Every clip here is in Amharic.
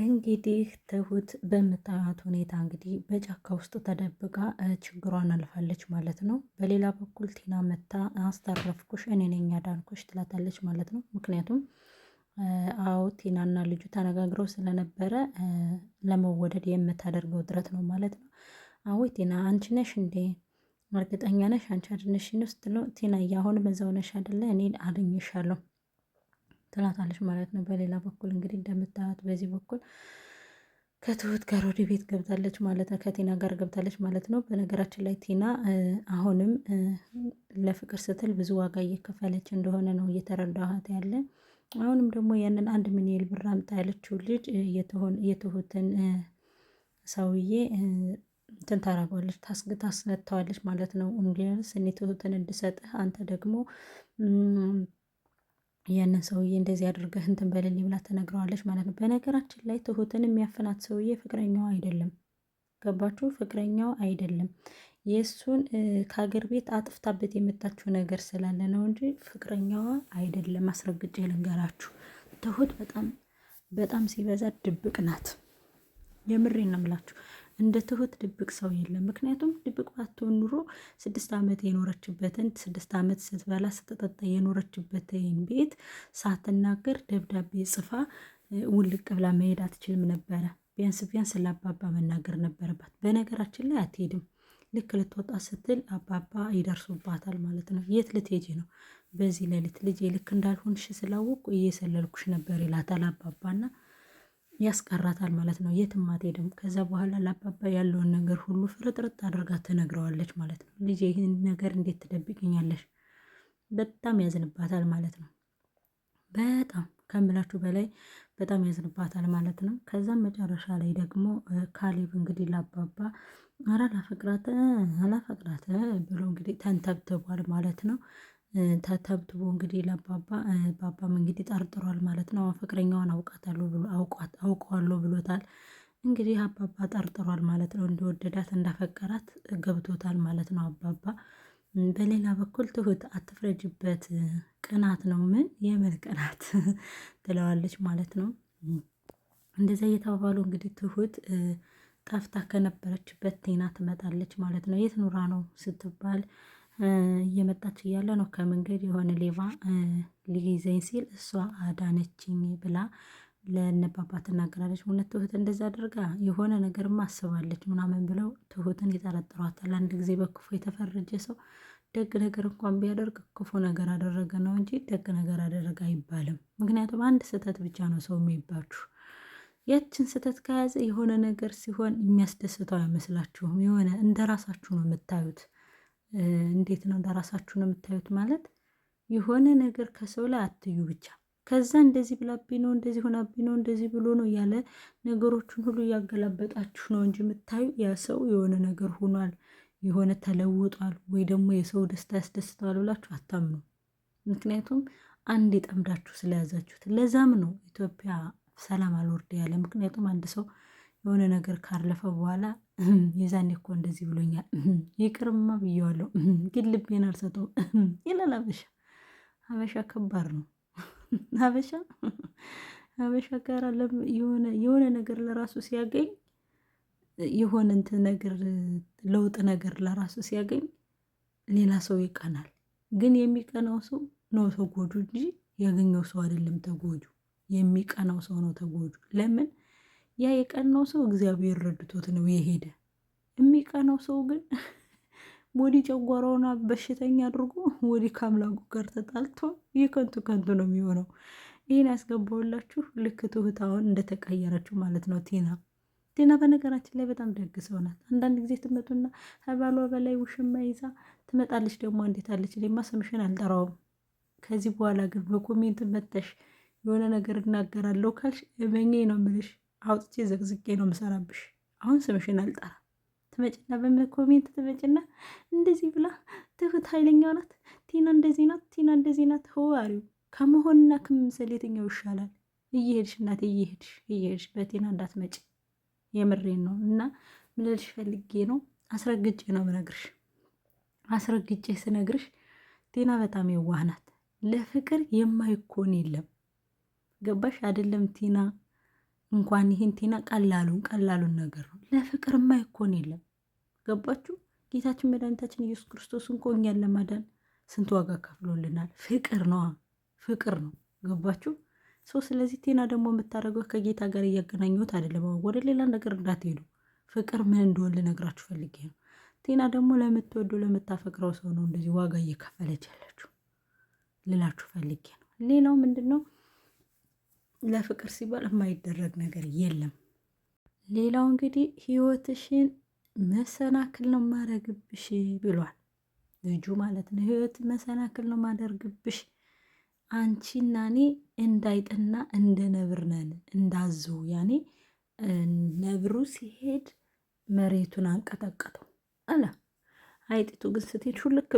እንግዲህ ትሁት በምታዩት ሁኔታ እንግዲህ በጫካ ውስጥ ተደብቃ ችግሯን አልፋለች ማለት ነው። በሌላ በኩል ቲና መታ አስተረፍኩሽ፣ እኔ ነኝ ያዳንኩሽ ትላታለች ማለት ነው። ምክንያቱም አዎ ቲናና ልጁ ተነጋግረው ስለነበረ ለመወደድ የምታደርገው ጥረት ነው ማለት ነው። አዎ ቲና አንቺ ነሽ እንዴ? እርግጠኛ ነሽ አንቺ አድነሽ ነው ስትለው ቲና እያሁን በዛው ነሽ አይደለ? እኔ አድኝሻለሁ ትላታለች ማለት ነው። በሌላ በኩል እንግዲህ እንደምታያት በዚህ በኩል ከትሁት ጋር ወደ ቤት ገብታለች ማለት ነው። ከቲና ጋር ገብታለች ማለት ነው። በነገራችን ላይ ቲና አሁንም ለፍቅር ስትል ብዙ ዋጋ እየከፈለች እንደሆነ ነው እየተረዳኋት ያለ። አሁንም ደግሞ ያንን አንድ ሚሊዮን ብር አምጣ ያለችው ልጅ የትሁትን ሰውዬ እንትን ታረጓለች ታስነተዋለች ማለት ነው። እንዲያንስ እኔ ትሁትን እንድሰጥህ አንተ ደግሞ ያንን ሰውዬ እንደዚህ አድርገህ እንትን በልልኝ ብላ ተነግረዋለች ማለት ነው። በነገራችን ላይ ትሁትን የሚያፍናት ሰውዬ ፍቅረኛዋ አይደለም። ገባችሁ? ፍቅረኛዋ አይደለም። የእሱን ከሀገር ቤት አጥፍታበት የመጣችው ነገር ስላለ ነው እንጂ ፍቅረኛዋ አይደለም። አስረግጬ ልንገራችሁ፣ ትሁት በጣም በጣም ሲበዛ ድብቅ ናት። የምሬን ነው የምላችሁ። እንደ ትሁት ድብቅ ሰው የለም። ምክንያቱም ድብቅ ባትሆን ኑሮ ስድስት ዓመት የኖረችበትን ስድስት ዓመት ስትበላ ስትጠጣ የኖረችበትን ቤት ሳትናገር ደብዳቤ ጽፋ ውልቅ ብላ መሄድ አትችልም ነበረ። ቢያንስ ቢያንስ ለአባባ መናገር ነበረባት። በነገራችን ላይ አትሄድም። ልክ ልትወጣ ስትል አባባ ይደርሱባታል ማለት ነው። የት ልትሄጂ ነው? በዚህ ሌሊት ልጄ ልክ እንዳልሆንሽ ስላወቁ እየሰለልኩሽ ነበር ይላታል አባባና ያስቀራታል ማለት ነው። የትም አትሄድም። ከዛ በኋላ ለአባባ ያለውን ነገር ሁሉ ፍርጥርጥ አድርጋ ትነግረዋለች ማለት ነው። ልጅ ይህን ነገር እንዴት ትደብቅኛለሽ? በጣም ያዝንባታል ማለት ነው። በጣም ከምላችሁ በላይ በጣም ያዝንባታል ማለት ነው። ከዛም መጨረሻ ላይ ደግሞ ካሌብ እንግዲህ ለአባባ ኧረ አላፈቅራት አላፈቅራት ብሎ እንግዲህ ተንተብትቧል ማለት ነው። ተብትቦ እንግዲህ ለአባባ ባባም እንግዲህ ጠርጥሯል ማለት ነው። ፍቅረኛዋን አውቃታለሁ ብሎ አውቀዋለሁ ብሎታል። እንግዲህ አባባ ጠርጥሯል ማለት ነው። እንደወደዳት እንዳፈቀራት ገብቶታል ማለት ነው። አባባ በሌላ በኩል ትሁት አትፍረጅበት፣ ቅናት ነው ምን የምን ቅናት ትለዋለች ማለት ነው። እንደዚ እየተባባሉ እንግዲህ ትሁት ጠፍታ ከነበረችበት ቴና ትመጣለች ማለት ነው። የት ኑራ ነው ስትባል እየመጣች እያለ ነው ከመንገድ የሆነ ሌባ ሊይዘኝ ሲል እሷ አዳነችኝ ብላ ለነባባ ትናገራለች። እውነት ትሁት እንደዚ አድርጋ የሆነ ነገርም አስባለች ምናምን ብለው ትሁትን ይጠረጥሯታል። አንድ ጊዜ በክፉ የተፈረጀ ሰው ደግ ነገር እንኳን ቢያደርግ ክፉ ነገር አደረገ ነው እንጂ ደግ ነገር አደረገ አይባልም። ምክንያቱም አንድ ስህተት ብቻ ነው ሰው የሚባችሁ። ያችን ስህተት ከያዘ የሆነ ነገር ሲሆን የሚያስደስተው አይመስላችሁም። የሆነ እንደ ራሳችሁ ነው የምታዩት። እንዴት ነው ለራሳችሁ ነው የምታዩት ማለት የሆነ ነገር ከሰው ላይ አትዩ ብቻ ከዛ እንደዚህ ብላብኝ ነው እንደዚህ ሆናብኝ ነው እንደዚህ ብሎ ነው እያለ ነገሮችን ሁሉ እያገላበጣችሁ ነው እንጂ የምታዩ ያ ሰው የሆነ ነገር ሆኗል፣ የሆነ ተለውጧል፣ ወይ ደግሞ የሰው ደስታ ያስደስተዋል ብላችሁ አታምኑ። ምክንያቱም አንድ የጠምዳችሁ ስለያዛችሁት። ለዛም ነው ኢትዮጵያ ሰላም አልወርድ ያለ። ምክንያቱም አንድ ሰው የሆነ ነገር ካለፈ በኋላ የዛኔ እኮ እንደዚህ ብሎኛል ይቅርማ ብየዋለሁ፣ ግን ልቤን አልሰጠው ይላል ሀበሻ። አበሻ ከባድ ነው። አበሻ ሀበሻ ጋር የሆነ ነገር ለራሱ ሲያገኝ የሆነ እንትን ነገር ለውጥ ነገር ለራሱ ሲያገኝ ሌላ ሰው ይቀናል። ግን የሚቀናው ሰው ነው ተጎጁ እንጂ ያገኘው ሰው አይደለም ተጎጁ። የሚቀናው ሰው ነው ተጎጁ። ለምን ያ የቀናው ሰው እግዚአብሔር ረድቶት ነው የሄደ። የሚቀናው ሰው ግን ወዲህ ጨጓራውና በሽተኛ አድርጎ ወዲህ ከአምላኩ ጋር ተጣልቶ የከንቱ ከንቱ ነው የሚሆነው። ይህን ያስገባውላችሁ ልክ ትሁት አሁን እንደተቀየረችው ማለት ነው። ቲና ቲና በነገራችን ላይ በጣም ደግ ሰው ናት። አንዳንድ ጊዜ ትመጡና ከባሏ በላይ ውሽማ ይዛ ትመጣለች። ደግሞ እንዴት አለች፣ እኔማ ስምሽን አልጠራውም ከዚህ በኋላ ግን በኮሜንት መተሽ የሆነ ነገር እናገራለሁ ካልሽ እመኜ ነው ምልሽ አውጥቼ ዘግዝቄ ነው ምሰራብሽ። አሁን ስምሽን አልጠራ ትመጭና በኮሜንት ትመጭና እንደዚህ ብላ ትሁት ኃይለኛው ናት፣ ቲና እንደዚህ ናት፣ ቲና እንደዚህ ናት። ሆ አሪው ከመሆንና ከመምሰል የትኛው ይሻላል? እየሄድሽ እናት እየሄድሽ እየሄድሽ በቴና እንዳትመጭ የምሬን ነው። እና ምልልሽ ፈልጌ ነው አስረግጬ ነው ምነግርሽ። አስረግጬ ስነግርሽ ቴና በጣም የዋህ ናት። ለፍቅር የማይኮን የለም። ገባሽ አይደለም ቲና እንኳን ይህን ቴና ቀላሉን ቀላሉን ነገር ነው። ለፍቅር ማይኮን የለም። ገባችሁ? ጌታችን መድኃኒታችን ኢየሱስ ክርስቶስ እንኮ እኛን ለማዳን ስንት ዋጋ ከፍሎልናል። ፍቅር ነው፣ ፍቅር ነው። ገባችሁ? ሰው ስለዚህ ቴና ደግሞ የምታደርገው ከጌታ ጋር እያገናኘት አይደለም። ወደ ሌላ ነገር እንዳትሄዱ፣ ፍቅር ምን እንደሆን ልነግራችሁ ፈልጌ ነው። ቴና ደግሞ ለምትወዱ ለምታፈቅረው ሰው ነው እንደዚህ ዋጋ እየከፈለች ያለችው ልላችሁ ፈልጌ ነው። ሌላው ምንድን ነው? ለፍቅር ሲባል የማይደረግ ነገር የለም። ሌላው እንግዲህ ህይወትሽን መሰናክል ነው ማረግብሽ ብሏል ልጁ ማለት ነው። ህይወት መሰናክል ነው ማደርግብሽ አንቺና እኔ እንዳይጥና እንደ ነብር ነን እንዳዞ ያኔ ነብሩ ሲሄድ መሬቱን አንቀጠቀጠው አላ አይጢቱ ግን ስትሄድ ሹልክ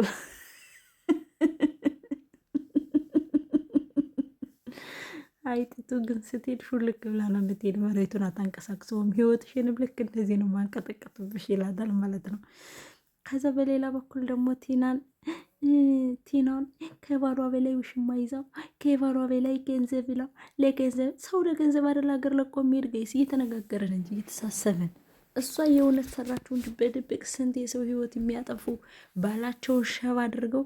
አይጥቱ ግን ስትሄድ ሹልክ ብላ ነው የምትሄድ። መሬቱን አታንቀሳቅሰውም። ህይወትሽንም ልክ እንደዚህ ነው ማንቀጠቀጥብሽ ይላታል ማለት ነው። ከዛ በሌላ በኩል ደግሞ ቲናን ቲናን ከባሏ በላይ ውሽማ ይዛው ከባሏ በላይ ገንዘብ ይላው ለገንዘብ ሰው ለገንዘብ አይደል ሀገር ለቆ የሚሄድ ገይስ እየተነጋገረን እንጂ እየተሳሰበን እሷ የእውነት ሰራቸው እንጂ በድብቅ ስንት የሰው ህይወት የሚያጠፉ ባላቸውን ሸብ አድርገው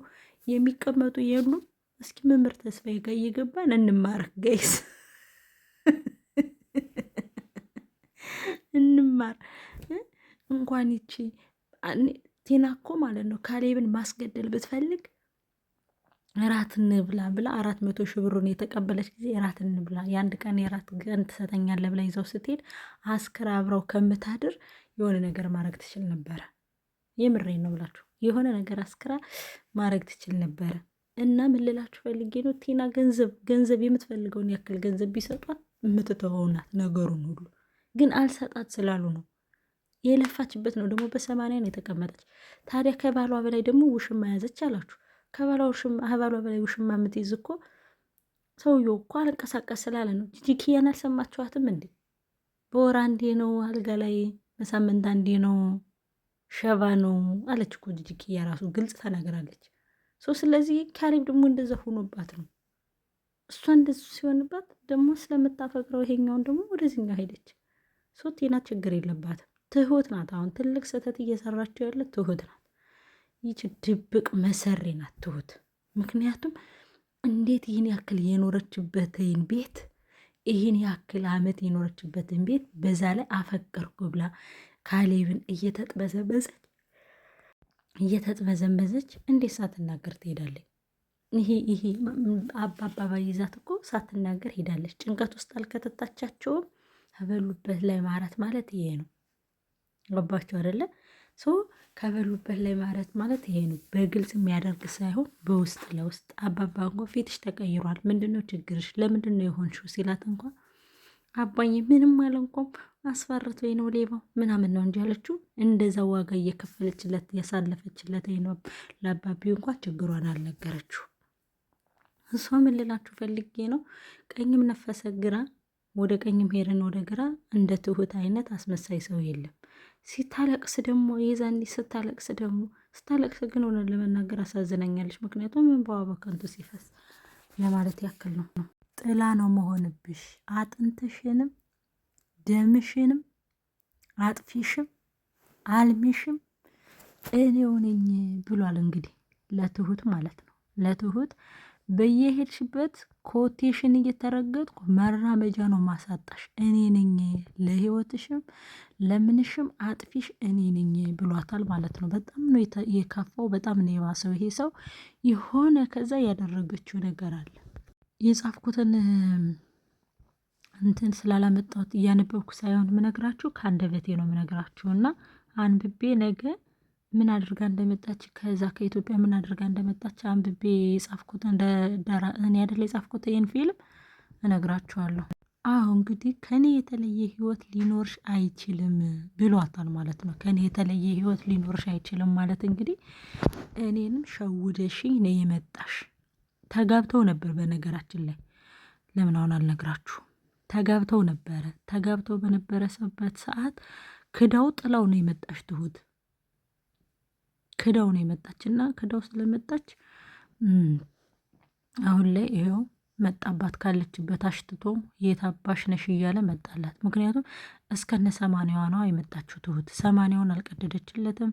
የሚቀመጡ የሉም። እስኪ መምህር ተስፋዬ ጋር እየገባን እንማርክ ጋይስ እንማር። እንኳን ይቺ ቴና እኮ ማለት ነው ካሌብን ማስገደል ብትፈልግ እራት እንብላ ብላ አራት መቶ ሺህ ብሩን የተቀበለች ጊዜ እራት እንብላ የአንድ ቀን የራት ቀን ትሰጠኛለህ ብላ ይዘው ስትሄድ አስክር አብረው ከምታድር የሆነ ነገር ማድረግ ትችል ነበረ። የምሬን ነው ብላችሁ የሆነ ነገር አስክራ ማድረግ ትችል ነበረ። እና ምን ልላችሁ ፈልጌ ነው፣ ቲና ገንዘብ ገንዘብ የምትፈልገውን ያክል ገንዘብ ቢሰጧት የምትተወውናት ነገሩን ሁሉ ግን አልሰጣት ስላሉ ነው የለፋችበት ነው። ደግሞ በሰማንያ ነው የተቀመጠች። ታዲያ ከባሏ በላይ ደግሞ ውሽማ ያዘች አላችሁ። ከባሏ በላይ ውሽማ የምትይዝ እኮ ሰውየው እኮ አልንቀሳቀስ ስላለ ነው። ጂጂኪያን አልሰማችኋትም እንዴ? በወር አንዴ ነው አልጋ ላይ በሳምንት አንዴ ነው ሸባ ነው አለች እኮ ጂጂኪያ ራሱ ግልጽ ተናግራለች። ስለዚህ ካሌብ ደግሞ እንደዛ ሆኖባት ነው። እሷ እንደዚ ሲሆንባት ደግሞ ስለምታፈቅረው ይሄኛውን ደግሞ ወደዚህኛው ሄደች። ሶ ቴና ችግር የለባትም። ትሁት ናት አሁን ትልቅ ስህተት እየሰራችው ያለ ትሁት ናት። ይች ድብቅ መሰሪ ናት ትሁት። ምክንያቱም እንዴት ይህን ያክል የኖረችበትን ቤት ይህን ያክል አመት የኖረችበትን ቤት በዛ ላይ አፈቀርኩ ብላ ካሌብን እየተጥበዘበዘ እየተጥበዘንበዘች እንዴት ሳትናገር ትሄዳለች? ይሄ ይሄ አባባባ ይዛት እኮ ሳትናገር ሄዳለች። ጭንቀት ውስጥ አልከተታቻቸውም። ከበሉበት ላይ ማረት ማለት ይሄ ነው። ገባቸው አደለ? ሶ ከበሉበት ላይ ማረት ማለት ይሄ ነው። በግልጽ የሚያደርግ ሳይሆን በውስጥ ለውስጥ አባባ እንኳ ፊትሽ ተቀይሯል፣ ምንድነው ችግርሽ? ለምንድነው የሆንሽው ሲላት እንኳ አባኝ ምንም አለ እንኳም አስፈርቶኝ ነው ሌባው ምናምን ነው እንጂ ያለችው እንደዛ ዋጋ እየከፈለችለት ያሳለፈችለት ነው። ለአባቢው እንኳ ችግሯን አልነገረችው። እሷ ምን ልላችሁ ፈልጌ ነው ቀኝም ነፈሰ ግራ፣ ወደ ቀኝም ሄደን ወደ ግራ፣ እንደ ትሁት አይነት አስመሳይ ሰው የለም። ሲታለቅስ ደግሞ የዛኔ ስታለቅስ ደግሞ ስታለቅስ ግን ሆነ ለመናገር አሳዝነኛለች ምክንያቱም እንባዋ በከንቱ ሲፈስ ለማለት ያክል ነው። ጥላ ነው መሆንብሽ አጥንትሽንም ደምሽንም አጥፊሽም አልሚሽም እኔው ነኝ ብሏል። እንግዲህ ለትሁት ማለት ነው ለትሁት በየሄድሽበት ኮቴሽን እየተረገጥኩ መራመጃ ነው ማሳጣሽ እኔ ነኝ፣ ለህይወትሽም ለምንሽም አጥፊሽ እኔ ነኝ ብሏታል ማለት ነው። በጣም ነው የከፋው፣ በጣም ነው የባሰው ይሄ ሰው። የሆነ ከዛ ያደረገችው ነገር አለ የጻፍኩትን እንትን ስላላመጣሁት እያነበብኩ ሳይሆን የምነግራችሁ ከአንደበቴ ነው የምነግራችሁ እና አንብቤ ነገ ምን አድርጋ እንደመጣች ከዛ ከኢትዮጵያ ምን አድርጋ እንደመጣች አንብቤ የጻፍኩት እኔ አይደል የጻፍኩት ይህን ፊልም እነግራችኋለሁ። አሁ እንግዲህ ከኔ የተለየ ህይወት ሊኖርሽ አይችልም ብሏታል ማለት ነው። ከኔ የተለየ ህይወት ሊኖርሽ አይችልም ማለት እንግዲህ እኔንም ሸውደሽኝ ነው የመጣሽ። ተጋብተው ነበር በነገራችን ላይ ለምን አሁን አልነግራችሁ ተጋብተው ነበረ። ተጋብተው በነበረሰበት ሰዓት ክዳው ጥላው ነው የመጣች ትሁት ክዳው ነው የመጣች እና ክዳው ስለመጣች አሁን ላይ ይኸው መጣባት ካለችበት አሽትቶ የታባሽ ነሽ እያለ መጣላት። ምክንያቱም እስከነ ሰማንያዋ ነዋ የመጣችው ትሁት ሰማንያውን አልቀደደችለትም።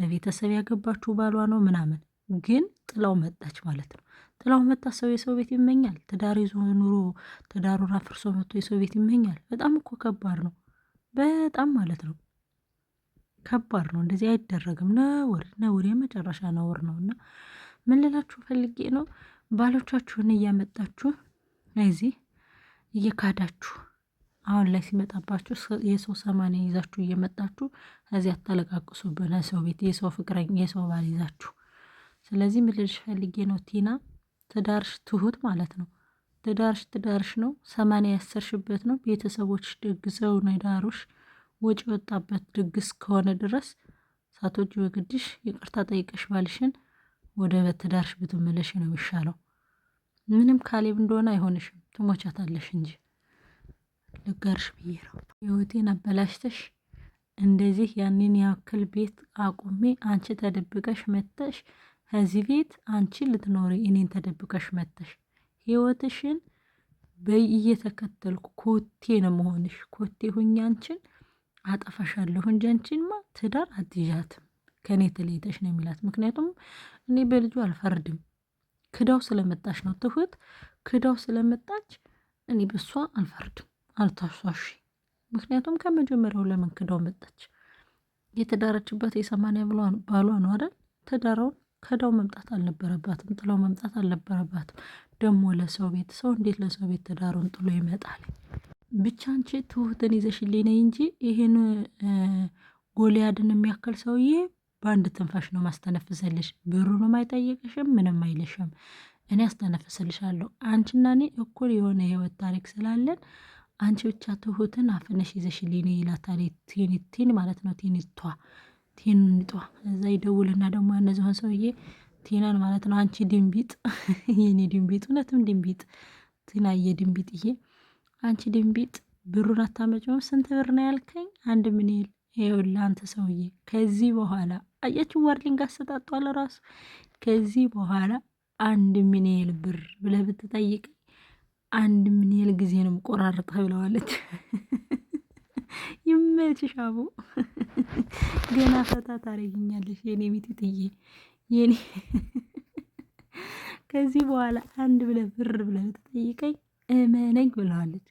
በቤተሰብ ያገባችው ባሏ ነው ምናምን፣ ግን ጥላው መጣች ማለት ነው። ጥላሁን መጣ ሰው የሰው ቤት ይመኛል። ትዳር ይዞ ኑሮ ትዳሩን አፍርሶ መጥቶ የሰው ቤት ይመኛል። በጣም እኮ ከባድ ነው። በጣም ማለት ነው ከባድ ነው። እንደዚህ አይደረግም። ነውር ነውር፣ የመጨረሻ ነውር ነው። እና ምን ልላችሁ ፈልጌ ነው ባሎቻችሁን እያመጣችሁ እዚህ እየካዳችሁ አሁን ላይ ሲመጣባችሁ የሰው ሰማንያ ይዛችሁ እየመጣችሁ እዚህ አታለቃቅሱብን። ሰው ቤት የሰው ፍቅረኛ የሰው ባል ይዛችሁ ስለዚህ ምልልሽ ፈልጌ ነው ቲና ትዳርሽ ትሁት ማለት ነው። ትዳርሽ ትዳርሽ ነው። ሰማንያ ያሰርሽበት ነው። ቤተሰቦች ደግሰው ነው የዳሩሽ። ወጪ ወጣበት ድግስ ከሆነ ድረስ ሳቶች በግድሽ ይቅርታ ጠይቀሽ ባልሽን ወደ በትዳርሽ ብትመለሽ ነው የሚሻለው። ምንም ካሌብ እንደሆነ አይሆንሽም፣ ትሞቻታለሽ እንጂ ልጋርሽ ብዬ ነው። ህይወቴን አበላሽተሽ እንደዚህ ያንን ያክል ቤት አቁሜ አንቺ ተደብቀሽ መጥተሽ ከዚህ ቤት አንቺ ልትኖሪ እኔን ተደብቀሽ መተሽ ህይወትሽን በይ እየተከተልኩ ኮቴ ነው መሆንሽ። ኮቴ ሁኝ አንቺን አጠፋሻለሁ እንጂ አንቺንማ ትዳር አትይዣትም ከእኔ ተለይተሽ ነው የሚላት። ምክንያቱም እኔ በልጁ አልፈርድም። ክዳው ስለመጣች ነው ትሁት ክዳው ስለመጣች እኔ በሷ አልፈርድም። አልታሷሽ ምክንያቱም ከመጀመሪያው ለምን ክዳው መጣች? የተዳረችበት የሰማንያ ብሏን ባሏ ነው አይደል? ትዳረውን ከዳው መምጣት አልነበረባትም፣ ጥለው መምጣት አልነበረባትም። ደግሞ ለሰው ቤት ሰው እንዴት ለሰው ቤት ትዳሩን ጥሎ ይመጣል? ብቻ አንቺ ትሁትን ይዘሽልኝ ነይ እንጂ ይሄን ጎልያድን የሚያክል ሰውዬ በአንድ ትንፋሽ ነው ማስተነፍሰልሽ። ብሩንም አይጠየቅሽም፣ ምንም አይልሽም። እኔ አስተነፍስልሻለሁ። አንቺና እኔ እኩል የሆነ የህይወት ታሪክ ስላለን አንቺ ብቻ ትሁትን አፍነሽ ይዘሽልኝ ነይ ይላታል። ማለት ነው ቴኒቷ ቴኑን ንጧ። እዛ ይደውልና ደግሞ እነዚሆን ሰውዬ ቴናን ማለት ነው። አንቺ ድንቢጥ፣ የኔ ድንቢጥ፣ እውነትም ድንቢጥ፣ ቴና የድንቢጥዬ፣ አንቺ ድንቢጥ ብሩን አታመጭም ስንት ብር ነው ያልከኝ? አንድ ምንል ይኸውልህ አንተ ሰውዬ፣ ከዚህ በኋላ አያችሁ፣ ዋርሊንግ አሰጣጧል ራሱ። ከዚህ በኋላ አንድ ምን ምንል ብር ብለህ ብትጠይቅ አንድ ምንል ጊዜ ነው ቆራርጠህ ብለዋለች። ይመችሽ አቦ ገና ፈታ ታረጊኛለሽ የኔ ሚጢጥዬ የኔ ከዚህ በኋላ አንድ ብለህ ብር ብለህ ብትጠይቀኝ እመነኝ ብለዋለች።